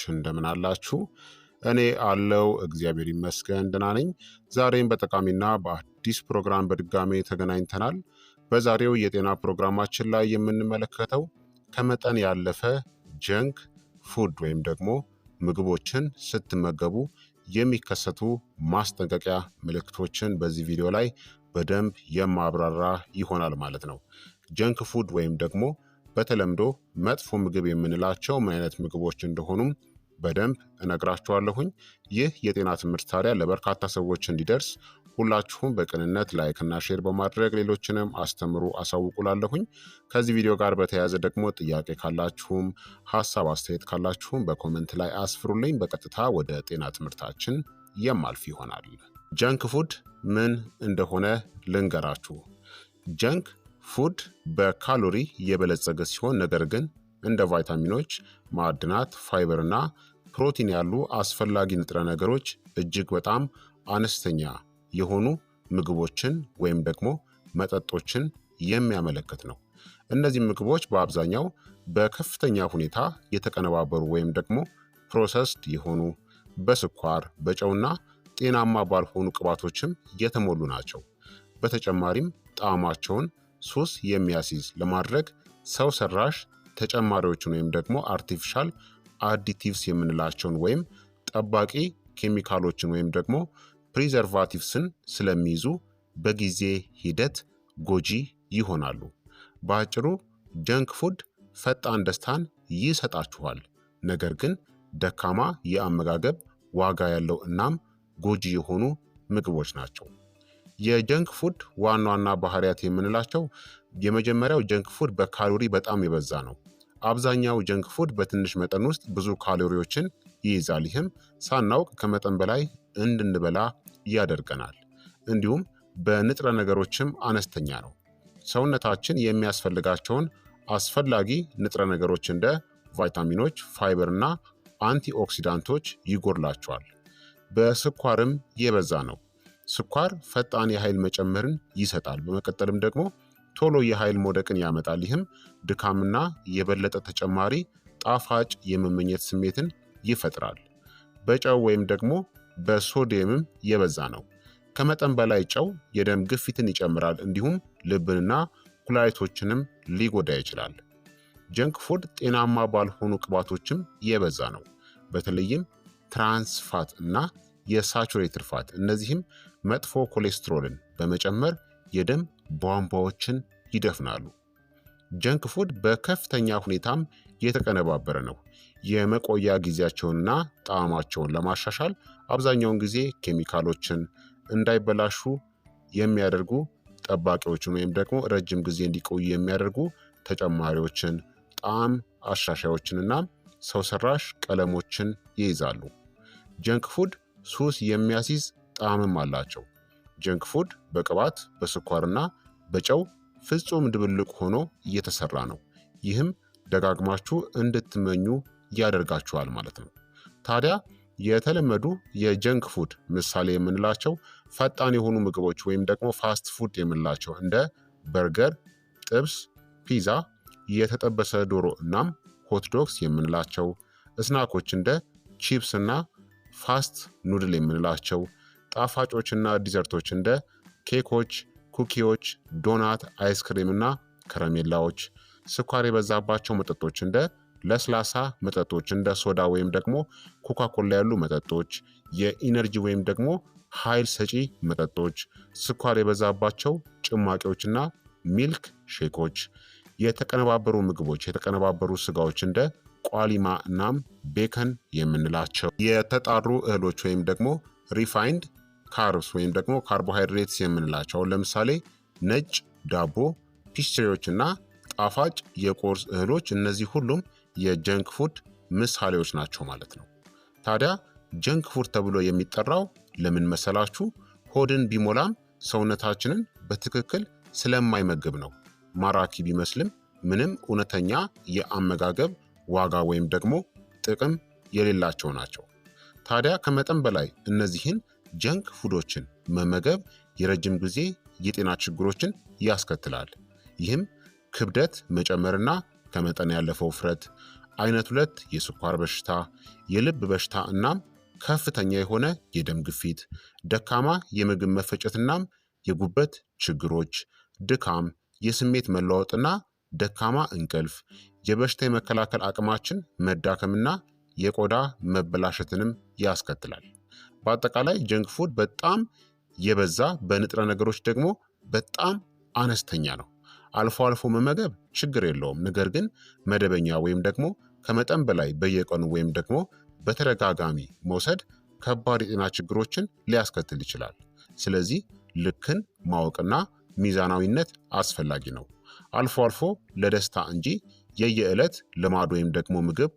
ች እንደምን አላችሁ? እኔ አለው እግዚአብሔር ይመስገን ደህና ነኝ። ዛሬም በጠቃሚና በአዲስ ፕሮግራም በድጋሜ ተገናኝተናል። በዛሬው የጤና ፕሮግራማችን ላይ የምንመለከተው ከመጠን ያለፈ ጀንክ ፉድ ወይም ደግሞ ምግቦችን ስትመገቡ የሚከሰቱ ማስጠንቀቂያ ምልክቶችን በዚህ ቪዲዮ ላይ በደንብ የማብራራ ይሆናል ማለት ነው። ጀንክ ፉድ ወይም ደግሞ በተለምዶ መጥፎ ምግብ የምንላቸው ምን አይነት ምግቦች እንደሆኑም በደንብ እነግራችኋለሁኝ። ይህ የጤና ትምህርት ታዲያ ለበርካታ ሰዎች እንዲደርስ ሁላችሁም በቅንነት እና ሼር በማድረግ ሌሎችንም አስተምሩ አሳውቁላለሁኝ። ከዚህ ቪዲዮ ጋር በተያያዘ ደግሞ ጥያቄ ካላችሁም ሀሳብ አስተያየት ካላችሁም በኮመንት ላይ አስፍሩልኝ። በቀጥታ ወደ ጤና ትምህርታችን የማልፍ ይሆናል። ጀንክ ፉድ ምን እንደሆነ ልንገራችሁ። ጀንክ ፉድ በካሎሪ የበለጸገ ሲሆን ነገር ግን እንደ ቫይታሚኖች፣ ማዕድናት፣ ፋይበር እና ፕሮቲን ያሉ አስፈላጊ ንጥረ ነገሮች እጅግ በጣም አነስተኛ የሆኑ ምግቦችን ወይም ደግሞ መጠጦችን የሚያመለክት ነው። እነዚህ ምግቦች በአብዛኛው በከፍተኛ ሁኔታ የተቀነባበሩ ወይም ደግሞ ፕሮሰስድ የሆኑ በስኳር በጨውና ጤናማ ባልሆኑ ቅባቶችም የተሞሉ ናቸው። በተጨማሪም ጣዕማቸውን ሱስ የሚያስይዝ ለማድረግ ሰው ሰራሽ ተጨማሪዎችን ወይም ደግሞ አርቲፊሻል አዲቲቭስ የምንላቸውን ወይም ጠባቂ ኬሚካሎችን ወይም ደግሞ ፕሪዘርቫቲቭስን ስለሚይዙ በጊዜ ሂደት ጎጂ ይሆናሉ። በአጭሩ ጀንክ ፉድ ፈጣን ደስታን ይሰጣችኋል፣ ነገር ግን ደካማ የአመጋገብ ዋጋ ያለው እናም ጎጂ የሆኑ ምግቦች ናቸው። የጀንክ ፉድ ዋና ዋና ባህሪያት የምንላቸው የመጀመሪያው ጀንክ ፉድ በካሎሪ በጣም የበዛ ነው። አብዛኛው ጀንክ ፉድ በትንሽ መጠን ውስጥ ብዙ ካሎሪዎችን ይይዛል። ይህም ሳናውቅ ከመጠን በላይ እንድንበላ ያደርገናል። እንዲሁም በንጥረ ነገሮችም አነስተኛ ነው። ሰውነታችን የሚያስፈልጋቸውን አስፈላጊ ንጥረ ነገሮች እንደ ቫይታሚኖች፣ ፋይበር እና አንቲ ኦክሲዳንቶች ይጎድላቸዋል። በስኳርም የበዛ ነው። ስኳር ፈጣን የኃይል መጨመርን ይሰጣል። በመቀጠልም ደግሞ ቶሎ የኃይል መውደቅን ያመጣል። ይህም ድካምና የበለጠ ተጨማሪ ጣፋጭ የመመኘት ስሜትን ይፈጥራል። በጨው ወይም ደግሞ በሶዲየምም የበዛ ነው። ከመጠን በላይ ጨው የደም ግፊትን ይጨምራል፣ እንዲሁም ልብንና ኩላሊቶችንም ሊጎዳ ይችላል። ጀንክ ፉድ ጤናማ ባልሆኑ ቅባቶችም የበዛ ነው። በተለይም ትራንስፋት እና የሳቹሬትድ ፋት እነዚህም መጥፎ ኮሌስትሮልን በመጨመር የደም ቧንቧዎችን ይደፍናሉ። ጀንክ ፉድ በከፍተኛ ሁኔታም የተቀነባበረ ነው። የመቆያ ጊዜያቸውንና ጣዕማቸውን ለማሻሻል አብዛኛውን ጊዜ ኬሚካሎችን እንዳይበላሹ የሚያደርጉ ጠባቂዎችን ወይም ደግሞ ረጅም ጊዜ እንዲቆዩ የሚያደርጉ ተጨማሪዎችን፣ ጣዕም አሻሻዮችንና ሰው ሰራሽ ቀለሞችን ይይዛሉ። ጀንክ ፉድ ሱስ የሚያስይዝ ጣዕምም አላቸው። ጀንክ ፉድ በቅባት በስኳርና በጨው ፍጹም ድብልቅ ሆኖ እየተሰራ ነው። ይህም ደጋግማችሁ እንድትመኙ ያደርጋችኋል ማለት ነው። ታዲያ የተለመዱ የጀንክ ፉድ ምሳሌ የምንላቸው ፈጣን የሆኑ ምግቦች ወይም ደግሞ ፋስት ፉድ የምንላቸው እንደ በርገር፣ ጥብስ፣ ፒዛ፣ የተጠበሰ ዶሮ እናም ሆትዶክስ የምንላቸው እስናኮች እንደ ቺፕስ እና ፋስት ኑድል የምንላቸው ጣፋጮችና ዲዘርቶች እንደ ኬኮች፣ ኩኪዎች፣ ዶናት፣ አይስክሪም እና ከረሜላዎች፣ ስኳር የበዛባቸው መጠጦች እንደ ለስላሳ መጠጦች እንደ ሶዳ ወይም ደግሞ ኮካኮላ ያሉ መጠጦች፣ የኢነርጂ ወይም ደግሞ ኃይል ሰጪ መጠጦች፣ ስኳር የበዛባቸው ጭማቂዎችና ሚልክ ሼኮች፣ የተቀነባበሩ ምግቦች፣ የተቀነባበሩ ስጋዎች እንደ ቋሊማ እናም ቤከን የምንላቸው፣ የተጣሩ እህሎች ወይም ደግሞ ሪፋይንድ ካርብስ ወይም ደግሞ ካርቦሃይድሬትስ የምንላቸው ለምሳሌ ነጭ ዳቦ፣ ፒስትሪዎች እና ጣፋጭ የቁርስ እህሎች እነዚህ ሁሉም የጀንክ ፉድ ምሳሌዎች ናቸው ማለት ነው። ታዲያ ጀንክ ፉድ ተብሎ የሚጠራው ለምን መሰላችሁ? ሆድን ቢሞላም ሰውነታችንን በትክክል ስለማይመግብ ነው። ማራኪ ቢመስልም ምንም እውነተኛ የአመጋገብ ዋጋ ወይም ደግሞ ጥቅም የሌላቸው ናቸው። ታዲያ ከመጠን በላይ እነዚህን ጀንክ ፉዶችን መመገብ የረጅም ጊዜ የጤና ችግሮችን ያስከትላል። ይህም ክብደት መጨመርና ከመጠን ያለፈው ውፍረት፣ አይነት ሁለት የስኳር በሽታ፣ የልብ በሽታ እናም ከፍተኛ የሆነ የደም ግፊት፣ ደካማ የምግብ መፈጨት የጉበት ችግሮች፣ ድካም፣ የስሜት መለዋወጥና ደካማ እንቅልፍ፣ የበሽታ የመከላከል አቅማችን መዳከምና የቆዳ መበላሸትንም ያስከትላል። በአጠቃላይ ጀንክ ፉድ በጣም የበዛ በንጥረ ነገሮች ደግሞ በጣም አነስተኛ ነው። አልፎ አልፎ መመገብ ችግር የለውም። ነገር ግን መደበኛ ወይም ደግሞ ከመጠን በላይ በየቀኑ ወይም ደግሞ በተደጋጋሚ መውሰድ ከባድ የጤና ችግሮችን ሊያስከትል ይችላል። ስለዚህ ልክን ማወቅና ሚዛናዊነት አስፈላጊ ነው። አልፎ አልፎ ለደስታ እንጂ የየዕለት ልማድ ወይም ደግሞ ምግብ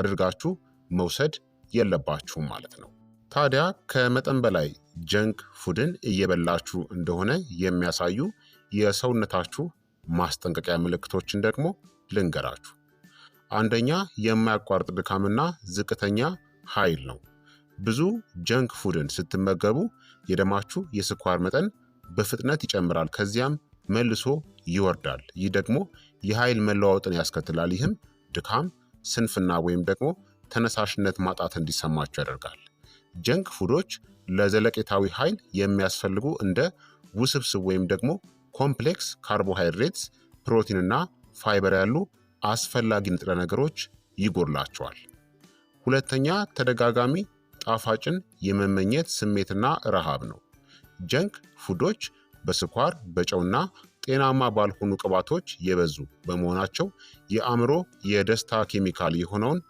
አድርጋችሁ መውሰድ የለባችሁም ማለት ነው። ታዲያ ከመጠን በላይ ጀንክ ፉድን እየበላችሁ እንደሆነ የሚያሳዩ የሰውነታችሁ ማስጠንቀቂያ ምልክቶችን ደግሞ ልንገራችሁ። አንደኛ የማያቋርጥ ድካምና ዝቅተኛ ኃይል ነው። ብዙ ጀንክ ፉድን ስትመገቡ የደማችሁ የስኳር መጠን በፍጥነት ይጨምራል፣ ከዚያም መልሶ ይወርዳል። ይህ ደግሞ የኃይል መለዋወጥን ያስከትላል። ይህም ድካም፣ ስንፍና ወይም ደግሞ ተነሳሽነት ማጣት እንዲሰማችሁ ያደርጋል። ጀንክ ፉዶች ለዘለቄታዊ ኃይል የሚያስፈልጉ እንደ ውስብስብ ወይም ደግሞ ኮምፕሌክስ ካርቦሃይድሬትስ፣ ፕሮቲንና ፋይበር ያሉ አስፈላጊ ንጥረ ነገሮች ይጎድላቸዋል። ሁለተኛ ተደጋጋሚ ጣፋጭን የመመኘት ስሜትና ረሃብ ነው። ጀንክ ፉዶች በስኳር በጨውና ጤናማ ባልሆኑ ቅባቶች የበዙ በመሆናቸው የአእምሮ የደስታ ኬሚካል የሆነውን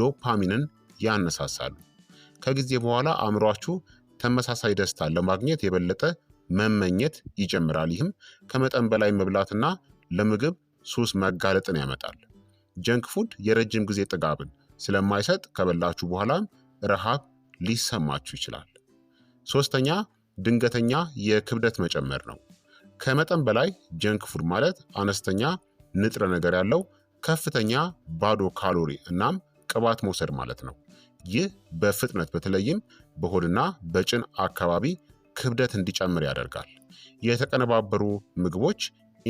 ዶፓሚንን ያነሳሳሉ። ከጊዜ በኋላ አእምሯችሁ ተመሳሳይ ደስታ ለማግኘት የበለጠ መመኘት ይጀምራል። ይህም ከመጠን በላይ መብላትና ለምግብ ሱስ መጋለጥን ያመጣል። ጀንክ ፉድ የረጅም ጊዜ ጥጋብን ስለማይሰጥ ከበላችሁ በኋላም ረሃብ ሊሰማችሁ ይችላል። ሶስተኛ ድንገተኛ የክብደት መጨመር ነው። ከመጠን በላይ ጀንክ ፉድ ማለት አነስተኛ ንጥረ ነገር ያለው ከፍተኛ ባዶ ካሎሪ እናም ቅባት መውሰድ ማለት ነው። ይህ በፍጥነት በተለይም በሆድና በጭን አካባቢ ክብደት እንዲጨምር ያደርጋል። የተቀነባበሩ ምግቦች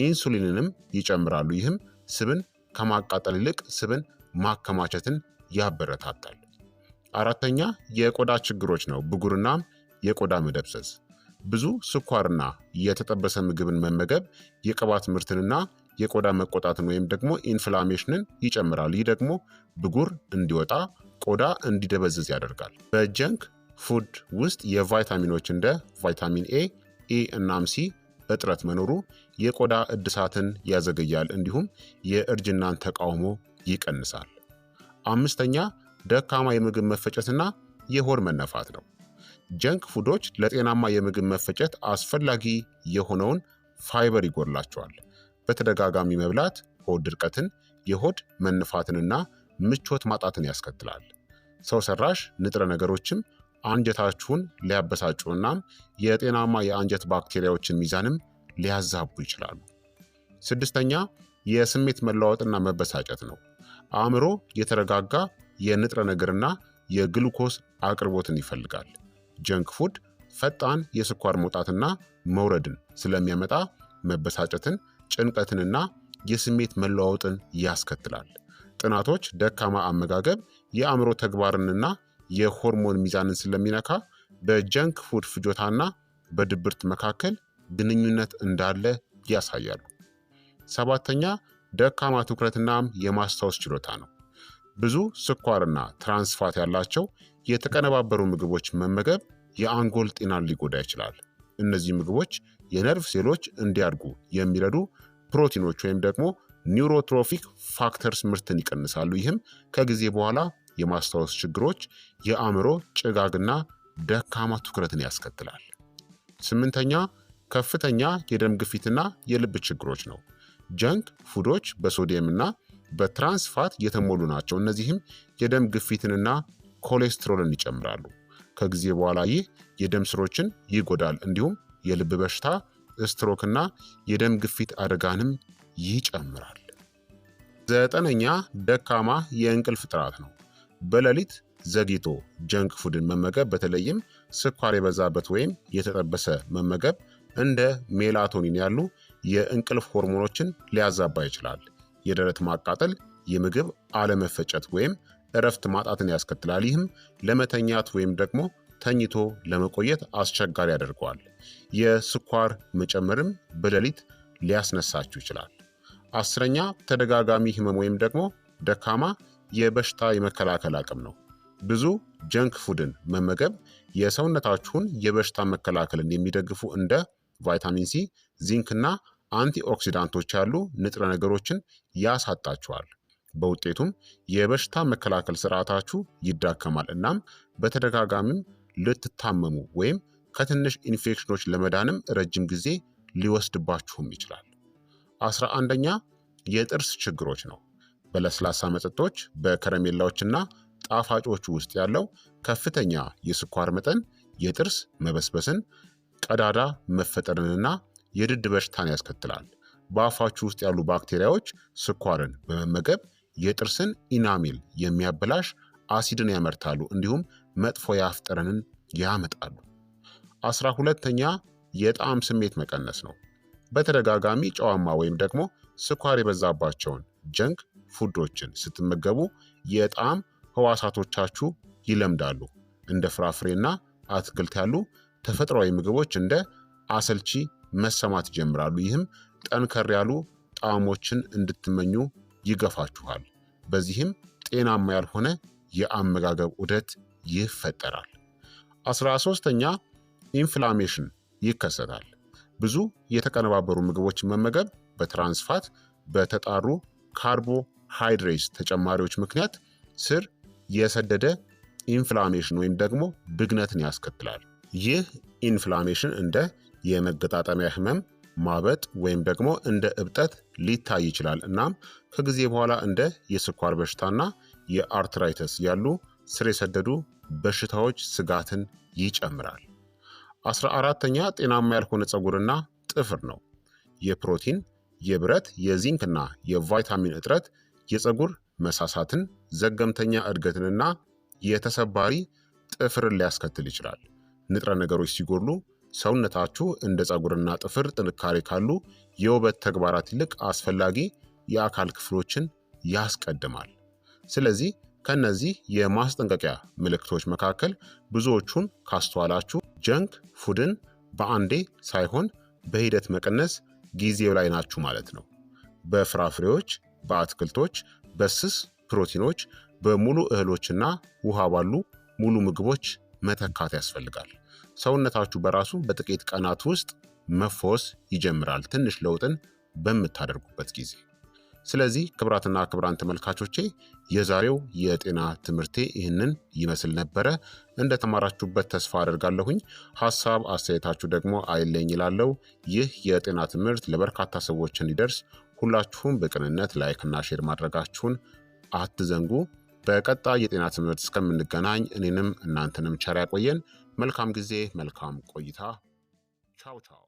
ኢንሱሊንንም ይጨምራሉ። ይህም ስብን ከማቃጠል ይልቅ ስብን ማከማቸትን ያበረታታል። አራተኛ የቆዳ ችግሮች ነው፣ ብጉርናም የቆዳ መደብሰስ። ብዙ ስኳርና የተጠበሰ ምግብን መመገብ የቅባት ምርትንና የቆዳ መቆጣትን ወይም ደግሞ ኢንፍላሜሽንን ይጨምራል። ይህ ደግሞ ብጉር እንዲወጣ ቆዳ እንዲደበዝዝ ያደርጋል። በጀንክ ፉድ ውስጥ የቫይታሚኖች እንደ ቫይታሚን ኤ፣ ኢ እናም ሲ እጥረት መኖሩ የቆዳ እድሳትን ያዘገያል፣ እንዲሁም የእርጅናን ተቃውሞ ይቀንሳል። አምስተኛ ደካማ የምግብ መፈጨትና የሆድ መነፋት ነው። ጀንክ ፉዶች ለጤናማ የምግብ መፈጨት አስፈላጊ የሆነውን ፋይበር ይጎድላቸዋል። በተደጋጋሚ መብላት ሆድ ድርቀትን፣ የሆድ መነፋትንና ምቾት ማጣትን ያስከትላል። ሰው ሰራሽ ንጥረ ነገሮችም አንጀታችሁን ሊያበሳጩ እናም የጤናማ የአንጀት ባክቴሪያዎችን ሚዛንም ሊያዛቡ ይችላሉ። ስድስተኛ የስሜት መለዋወጥና መበሳጨት ነው። አእምሮ የተረጋጋ የንጥረ ነገርና የግሉኮስ አቅርቦትን ይፈልጋል። ጀንክ ፉድ ፈጣን የስኳር መውጣትና መውረድን ስለሚያመጣ መበሳጨትን፣ ጭንቀትንና የስሜት መለዋወጥን ያስከትላል። ጥናቶች ደካማ አመጋገብ የአእምሮ ተግባርንና የሆርሞን ሚዛንን ስለሚነካ በጀንክ ፉድ ፍጆታና በድብርት መካከል ግንኙነት እንዳለ ያሳያሉ። ሰባተኛ ደካማ ትኩረትናም የማስታወስ ችሎታ ነው። ብዙ ስኳርና ትራንስፋት ያላቸው የተቀነባበሩ ምግቦች መመገብ የአንጎል ጤናን ሊጎዳ ይችላል። እነዚህ ምግቦች የነርቭ ሴሎች እንዲያድጉ የሚረዱ ፕሮቲኖች ወይም ደግሞ ኒውሮትሮፊክ ፋክተርስ ምርትን ይቀንሳሉ። ይህም ከጊዜ በኋላ የማስታወስ ችግሮች፣ የአእምሮ ጭጋግና ደካማ ትኩረትን ያስከትላል። ስምንተኛ ከፍተኛ የደም ግፊትና የልብ ችግሮች ነው። ጀንክ ፉዶች በሶዲየምና በትራንስፋት የተሞሉ ናቸው። እነዚህም የደም ግፊትንና ኮሌስትሮልን ይጨምራሉ። ከጊዜ በኋላ ይህ የደም ስሮችን ይጎዳል። እንዲሁም የልብ በሽታ፣ ስትሮክና የደም ግፊት አደጋንም ይጨምራል። ዘጠነኛ ደካማ የእንቅልፍ ጥራት ነው። በሌሊት ዘግይቶ ጀንክ ፉድን መመገብ በተለይም ስኳር የበዛበት ወይም የተጠበሰ መመገብ እንደ ሜላቶኒን ያሉ የእንቅልፍ ሆርሞኖችን ሊያዛባ ይችላል። የደረት ማቃጠል፣ የምግብ አለመፈጨት ወይም እረፍት ማጣትን ያስከትላል። ይህም ለመተኛት ወይም ደግሞ ተኝቶ ለመቆየት አስቸጋሪ ያደርገዋል። የስኳር መጨመርም በሌሊት ሊያስነሳችሁ ይችላል። አስረኛ ተደጋጋሚ ህመም ወይም ደግሞ ደካማ የበሽታ የመከላከል አቅም ነው። ብዙ ጀንክ ፉድን መመገብ የሰውነታችሁን የበሽታ መከላከልን የሚደግፉ እንደ ቫይታሚን ሲ፣ ዚንክ እና አንቲኦክሲዳንቶች ያሉ ንጥረ ነገሮችን ያሳጣችኋል። በውጤቱም የበሽታ መከላከል ስርዓታችሁ ይዳከማል። እናም በተደጋጋሚም ልትታመሙ ወይም ከትንሽ ኢንፌክሽኖች ለመዳንም ረጅም ጊዜ ሊወስድባችሁም ይችላል። አስራ አንደኛ የጥርስ ችግሮች ነው። በለስላሳ መጠጦች በከረሜላዎችና ጣፋጮች ውስጥ ያለው ከፍተኛ የስኳር መጠን የጥርስ መበስበስን፣ ቀዳዳ መፈጠርንና የድድ በሽታን ያስከትላል። በአፋችሁ ውስጥ ያሉ ባክቴሪያዎች ስኳርን በመመገብ የጥርስን ኢናሚል የሚያበላሽ አሲድን ያመርታሉ፣ እንዲሁም መጥፎ የአፍ ጠረንን ያመጣሉ። አስራ ሁለተኛ የጣዕም ስሜት መቀነስ ነው። በተደጋጋሚ ጨዋማ ወይም ደግሞ ስኳር የበዛባቸውን ጀንክ ፉዶችን ስትመገቡ የጣዕም ህዋሳቶቻችሁ ይለምዳሉ። እንደ ፍራፍሬና አትክልት ያሉ ተፈጥሯዊ ምግቦች እንደ አሰልቺ መሰማት ይጀምራሉ። ይህም ጠንከር ያሉ ጣዕሞችን እንድትመኙ ይገፋችኋል። በዚህም ጤናማ ያልሆነ የአመጋገብ ዑደት ይፈጠራል። አስራ ሶስተኛ ኢንፍላሜሽን ይከሰታል። ብዙ የተቀነባበሩ ምግቦችን መመገብ በትራንስፋት በተጣሩ ካርቦሃይድሬት ተጨማሪዎች ምክንያት ስር የሰደደ ኢንፍላሜሽን ወይም ደግሞ ብግነትን ያስከትላል። ይህ ኢንፍላሜሽን እንደ የመገጣጠሚያ ህመም፣ ማበጥ ወይም ደግሞ እንደ እብጠት ሊታይ ይችላል። እናም ከጊዜ በኋላ እንደ የስኳር በሽታና የአርትራይተስ ያሉ ስር የሰደዱ በሽታዎች ስጋትን ይጨምራል። አስራ አራተኛ ጤናማ ያልሆነ ፀጉርና ጥፍር ነው። የፕሮቲን የብረት የዚንክና የቫይታሚን እጥረት የፀጉር መሳሳትን፣ ዘገምተኛ እድገትንና የተሰባሪ ጥፍርን ሊያስከትል ይችላል። ንጥረ ነገሮች ሲጎድሉ ሰውነታችሁ እንደ ፀጉርና ጥፍር ጥንካሬ ካሉ የውበት ተግባራት ይልቅ አስፈላጊ የአካል ክፍሎችን ያስቀድማል። ስለዚህ ከእነዚህ የማስጠንቀቂያ ምልክቶች መካከል ብዙዎቹን ካስተዋላችሁ ጀንክ ፉድን በአንዴ ሳይሆን በሂደት መቀነስ ጊዜው ላይ ናችሁ ማለት ነው። በፍራፍሬዎች፣ በአትክልቶች፣ በስስ ፕሮቲኖች፣ በሙሉ እህሎችና ውሃ ባሉ ሙሉ ምግቦች መተካት ያስፈልጋል። ሰውነታችሁ በራሱ በጥቂት ቀናት ውስጥ መፈወስ ይጀምራል፣ ትንሽ ለውጥን በምታደርጉበት ጊዜ ስለዚህ ክብራትና ክብራን ተመልካቾቼ የዛሬው የጤና ትምህርቴ ይህንን ይመስል ነበረ። እንደተማራችሁበት ተስፋ አደርጋለሁኝ። ሀሳብ አስተያየታችሁ ደግሞ አይለኝ ይላለው። ይህ የጤና ትምህርት ለበርካታ ሰዎች እንዲደርስ ሁላችሁም በቅንነት ላይክና ሼር ማድረጋችሁን አትዘንጉ። በቀጣይ የጤና ትምህርት እስከምንገናኝ እኔንም እናንተንም ቸር ያቆየን። መልካም ጊዜ፣ መልካም ቆይታ። ቻው ቻው።